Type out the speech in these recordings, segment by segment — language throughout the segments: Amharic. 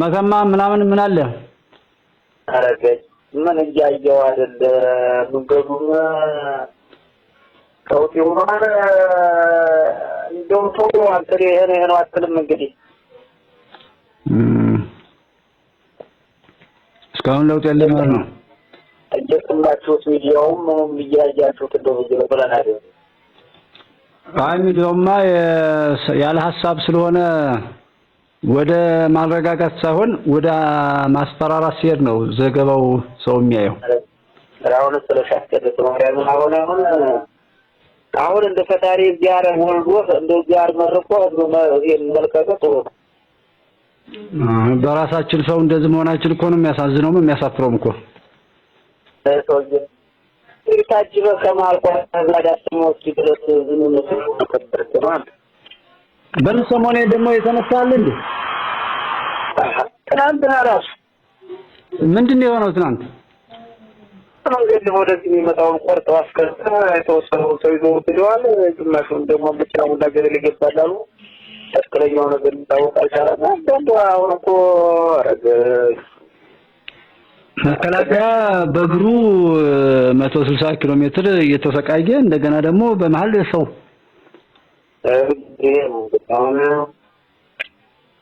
መከማ ምናምን ምን አለ አረገች ምን እያየው አይደለ? መንገዱም ቀውጢ ሆኗል። እንደውም ቶሎ አንተ ይሄን ይሄን አትልም። እንግዲህ እስካሁን ለውጥ ያለ ማለት ነው። እየሰማችሁት ሚዲያውም ምኑም እያያችሁት እንደው ብዬ ብለን አይደል? አይ ሚዲያውማ ያለ ሀሳብ ስለሆነ ወደ ማረጋጋት ሳይሆን ወደ ማስፈራራት ሲሄድ ነው ዘገባው ሰው የሚያየው። አሁን ስለሻከለ ተማሪያም አሁን አሁን አሁን እንደ ፈጣሪ እግዚአብሔር ወልዶ እንደ እግዚአብሔር መርቆ መልቀቅ ጥሩ ነው። በራሳችን ሰው እንደዚህ መሆናችን እኮ ነው የሚያሳዝነውም የሚያሳፍረውም እኮ ታጅበ ከማልቆ ተዛዳስተሞች ድረስ ዝም ነው። በምን ሰሞኑን ደግሞ የተነሳል እንዴ? ትናንትና ራሱ ምንድን ነው የሆነው? ትናንት መንገድ ወደዚህ የሚመጣውን ቆርጠው አስከተ የተወሰነው ሰው ይዞ ትለዋል። ግማሹን ደግሞ ገደል ትክክለኛው ነገር ሊታወቅ አልቻለም። አንዳንዱ አሁን እኮ ረገ መከላከያ በእግሩ 160 ኪሎ ሜትር እየተሰቃየ እንደገና ደግሞ በመሀል ሰው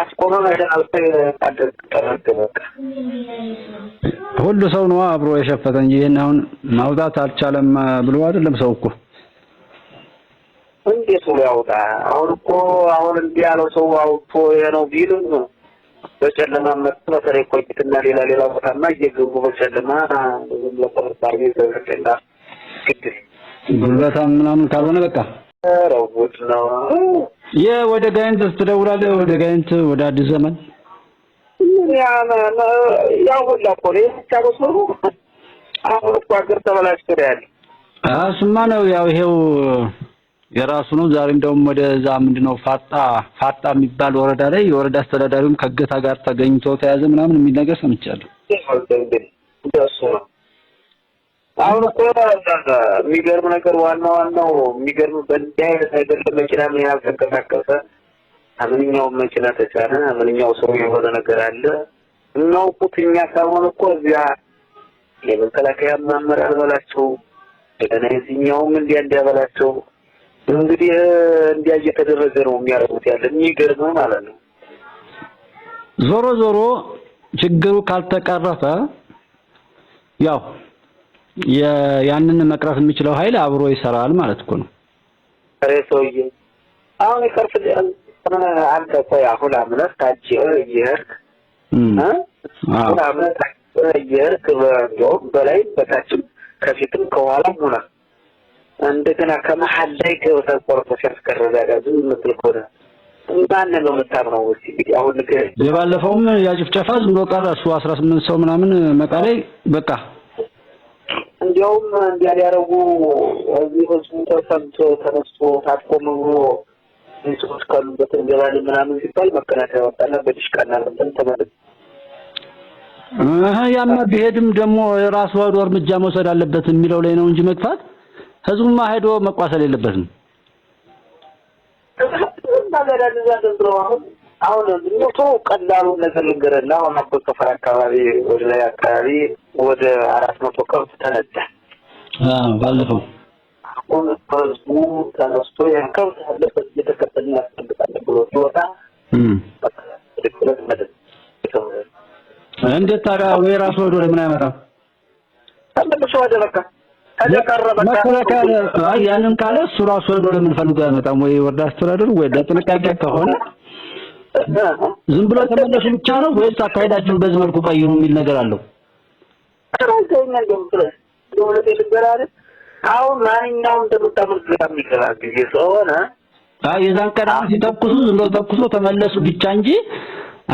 አስቆመ መደን ሁሉ ሰው ነዋ አብሮ የሸፈተ እንጂ ይሄን አሁን ማውጣት አልቻለም ብሎ አይደለም ሰው እኮ እንዴት ብሎ ያውጣ? አሁን እኮ አሁን እንዲህ ያለው ሰው አውጥቶ ይሄ ነው ቢል በጨለማ መጥቶ በተለይ ቆይትና ሌላ ሌላ ቦታማ እየገቡ በጨለማ ጉልበታም ምናምን ካልሆነ በቃ ረቡት ነው የወደ ጋይንት ስትደውላለ ወደ ጋይንት ወደ አዲስ ዘመን ያው ሁላ እኮ ነው የምታበስሩ። አሁን እኮ ሀገር ተበላሽቶ ነው እሱማ ነው ያው ይሄው የራሱ ነው። ዛሬ እንደውም ወደዛ ምንድነው ፋጣ ፋጣ የሚባል ወረዳ ላይ የወረዳ አስተዳዳሪውም ከእገታ ጋር ተገኝቶ ተያዘ ምናምን የሚል ነገር ሰምቻለሁ። አሁን እኮ የሚገርም ነገር ዋና ዋናው የሚገርም በእንዲህ አይነት ነገር መኪና ምን ያህል ተንቀሳቀሰ፣ ምንኛውም መኪና ተጫነ፣ አምንኛው ሰው የሆነ ነገር አለ። እናውቁት እኛ ሳይሆን እኮ እዚያ የመከላከያ ማመር አልበላቸው እንደገና የዚህኛውም እንዲያ እንዲያበላቸው እንግዲህ እንዲያ እየተደረገ ነው የሚያደርጉት ያለ የሚገርም ማለት ነው። ዞሮ ዞሮ ችግሩ ካልተቀረፈ ያው ያንን መቅረፍ የሚችለው ኃይል አብሮ ይሰራል ማለት እኮ ነው። ኧረ ሰውዬ አሁን ይቀርፍልሃል አንተ ቆይ አሁን አምነህ ታጭ እየሄድክ አሁን እየሄድክ በላይ በታችም ከፊትም ከኋላም ሆነ እንደገና ከመሀል ላይ ገብተህ ቆርጦ ሲያስቀረዛ ጋር ዝም የምትል ከሆነ ማንን ነው የምታምነው? እንግዲህ አሁን የባለፈውም ያጭፍጨፋ ዝም ብሎ ቀረ። እሱ አስራ ስምንት ሰው ምናምን መቃ ላይ በቃ እንዲያውም እንዲያ ሊያደርጉ እዚህ ህዝቡ ተሰምቶ ተነስቶ ታጥቆ ምግቦ ሰዎች ካሉበት እንገባለን ምናምን ሲባል መከላከያ ወጣና በዲሽቃና መጠን ተመለስ ያማ ቢሄድም ደግሞ የራሱ ወዶ እርምጃ መውሰድ አለበት የሚለው ላይ ነው እንጂ መግፋት ህዝቡማ ሄዶ መቋሰል የለበትም። ባገራ አሁን አሁን ሞቶ ቀላሉ ነገር ልንገርህ። አሁን አቦ ሰፈር አካባቢ ወደ ላይ አካባቢ ወደ አራት መቶ ከብት ተነዳ ባለፈው አሁን ህዝቡ ተነስቶ ያን ከብት አለበት እየተከተልን እናስጠብቃለን ብሎ ሲወጣ እንዴት ታዲያ የራሱ ወደ ለምን አይመጣም? ተመልሶ ወደ በቃ ያንን ካለ እሱ ራሱ ወደ ለምን ፈልጎ አይመጣም ወይ ወረዳ አስተዳደሩ ወይ ለጥንቃቄ ከሆነ ዝም ብሎ ተመለሱ ብቻ ነው ወይስ አካሄዳችሁን በዚህ መልኩ ቀይሩ የሚል ነገር አለው? አሁን ማንኛውም ጊዜ ስለሆነ የዛን ቀን ሲተኩሱ ዝም ብሎ ተኩሶ ተመለሱ ብቻ እንጂ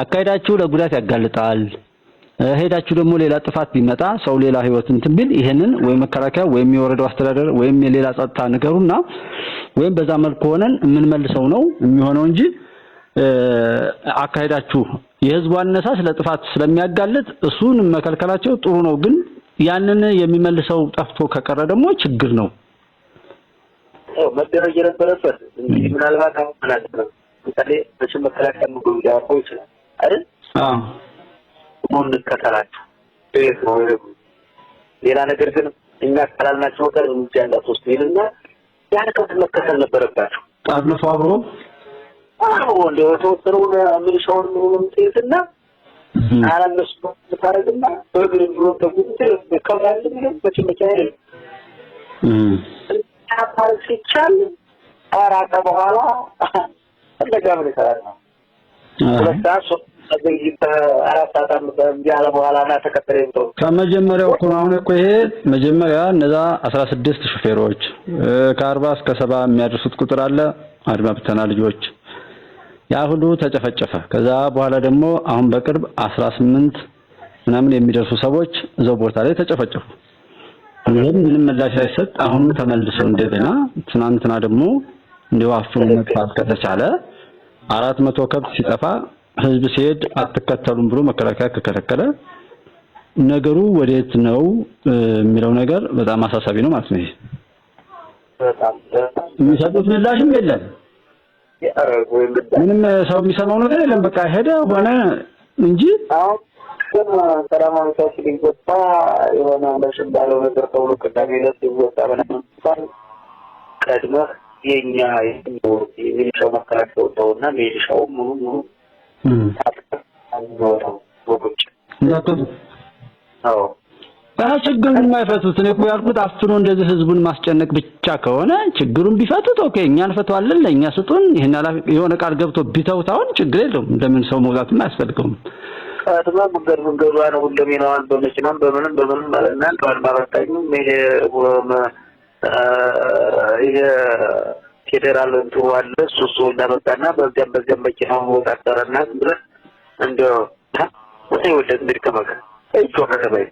አካሄዳችሁ ለጉዳት ያጋልጣል። ሄዳችሁ ደግሞ ሌላ ጥፋት ቢመጣ ሰው ሌላ ህይወት እንትን ቢል ይሄንን ወይ መከላከያ ወይም የወረደው አስተዳደር ወይም የሌላ ጸጥታ ነገሩና ወይም በዛ መልኩ ሆነን የምንመልሰው ነው የሚሆነው እንጂ አካሄዳችሁ የህዝቡ አነሳስ ለጥፋት ስለሚያጋልጥ እሱን መከልከላቸው ጥሩ ነው። ግን ያንን የሚመልሰው ጠፍቶ ከቀረ ደግሞ ችግር ነው። መደረግ የነበረበት እንግዲህ ምናልባት አሁን ምናልባት ምሳሌ በሽም መከላከያ ምግብ ሊያርፈው ይችላል አይደል? ሞ እንከተላችሁ ሌላ ነገር ግን እኛ ካላልናቸው ቀር እርምጃ እንዳትወስዱ ይልና ያን ከት መከተል ነበረባቸው። አብሮ እንደ የተወሰነውን ሚሊሻውን ምትትና አላነሱ ታረግና በእግር ብሎ ተጉት ከባል መቼ ሲቻል ከራቀ በኋላ እንደጋ ምን ይሰራል ነው ከመጀመሪያው እኮ አሁን እኮ ይሄ መጀመሪያ እነዛ 16 ሹፌሮች ከአርባ እስከ ሰባ የሚያደርሱት ቁጥር አለ። አድማ ብተና ልጆች ያ ሁሉ ተጨፈጨፈ። ከዛ በኋላ ደግሞ አሁን በቅርብ 18 ምናምን የሚደርሱ ሰዎች እዛው ቦታ ላይ ተጨፈጨፉ። ምንም ምንም ምላሽ አይሰጥ። አሁን ተመልሶ እንደገና ትናንትና ደግሞ እንዲሁ አፍኖ መጥፋት ከተቻለ አራት መቶ ከብት ሲጠፋ ህዝብ ሲሄድ አትከተሉም ብሎ መከላከያ ከከለከለ ነገሩ ወዴት ነው የሚለው ነገር በጣም አሳሳቢ ነው ማለት ነው። ይሄ የሚሰጡት ምላሽም የለም። ምንም ሰው የሚሰማው ነገር የለም። በቃ ሄደ ሆነ እንጂ ሰላማዊ ሰልፍ ሊወጣ የሆነ መሽም ባለው ነገር ተብሎ ቅዳሜ ዕለት ሊወጣ ምናምን ቀድመህ የኛ የሚሊሻው መከላከያ ወጣውና ሚሊሻው ሙሉ ሙሉ ታጥቀህ አንወጣው ወቁጭ እንዳትወጡ ችግሩን የማይፈቱት እኔ እኮ ያልኩት አፍኖ እንደዚህ ህዝቡን ማስጨነቅ ብቻ ከሆነ ችግሩን ቢፈቱት ኦኬ፣ እኛ እንፈተዋለን፣ ለእኛ ስጡን፣ ይህን የሆነ ቃል ገብቶ ቢተውት አሁን ችግር የለውም። እንደምን ሰው መውጣትም አያስፈልገውም። ቀድሞ መንገድ መንገዷ ነው ሁሉም ይነዋል። በመኪናም በምንም በምንም እና ጠዋል ማበታኙ ይሄ ይሄ ፌዴራል እንትኑ አለ እሱ እሱ እንዳበቃና በዚያም በዚያም መኪናውን ወታደረና ብለ እንደ ወደ እንግዲህ ከመከ ይጮ ከተባይ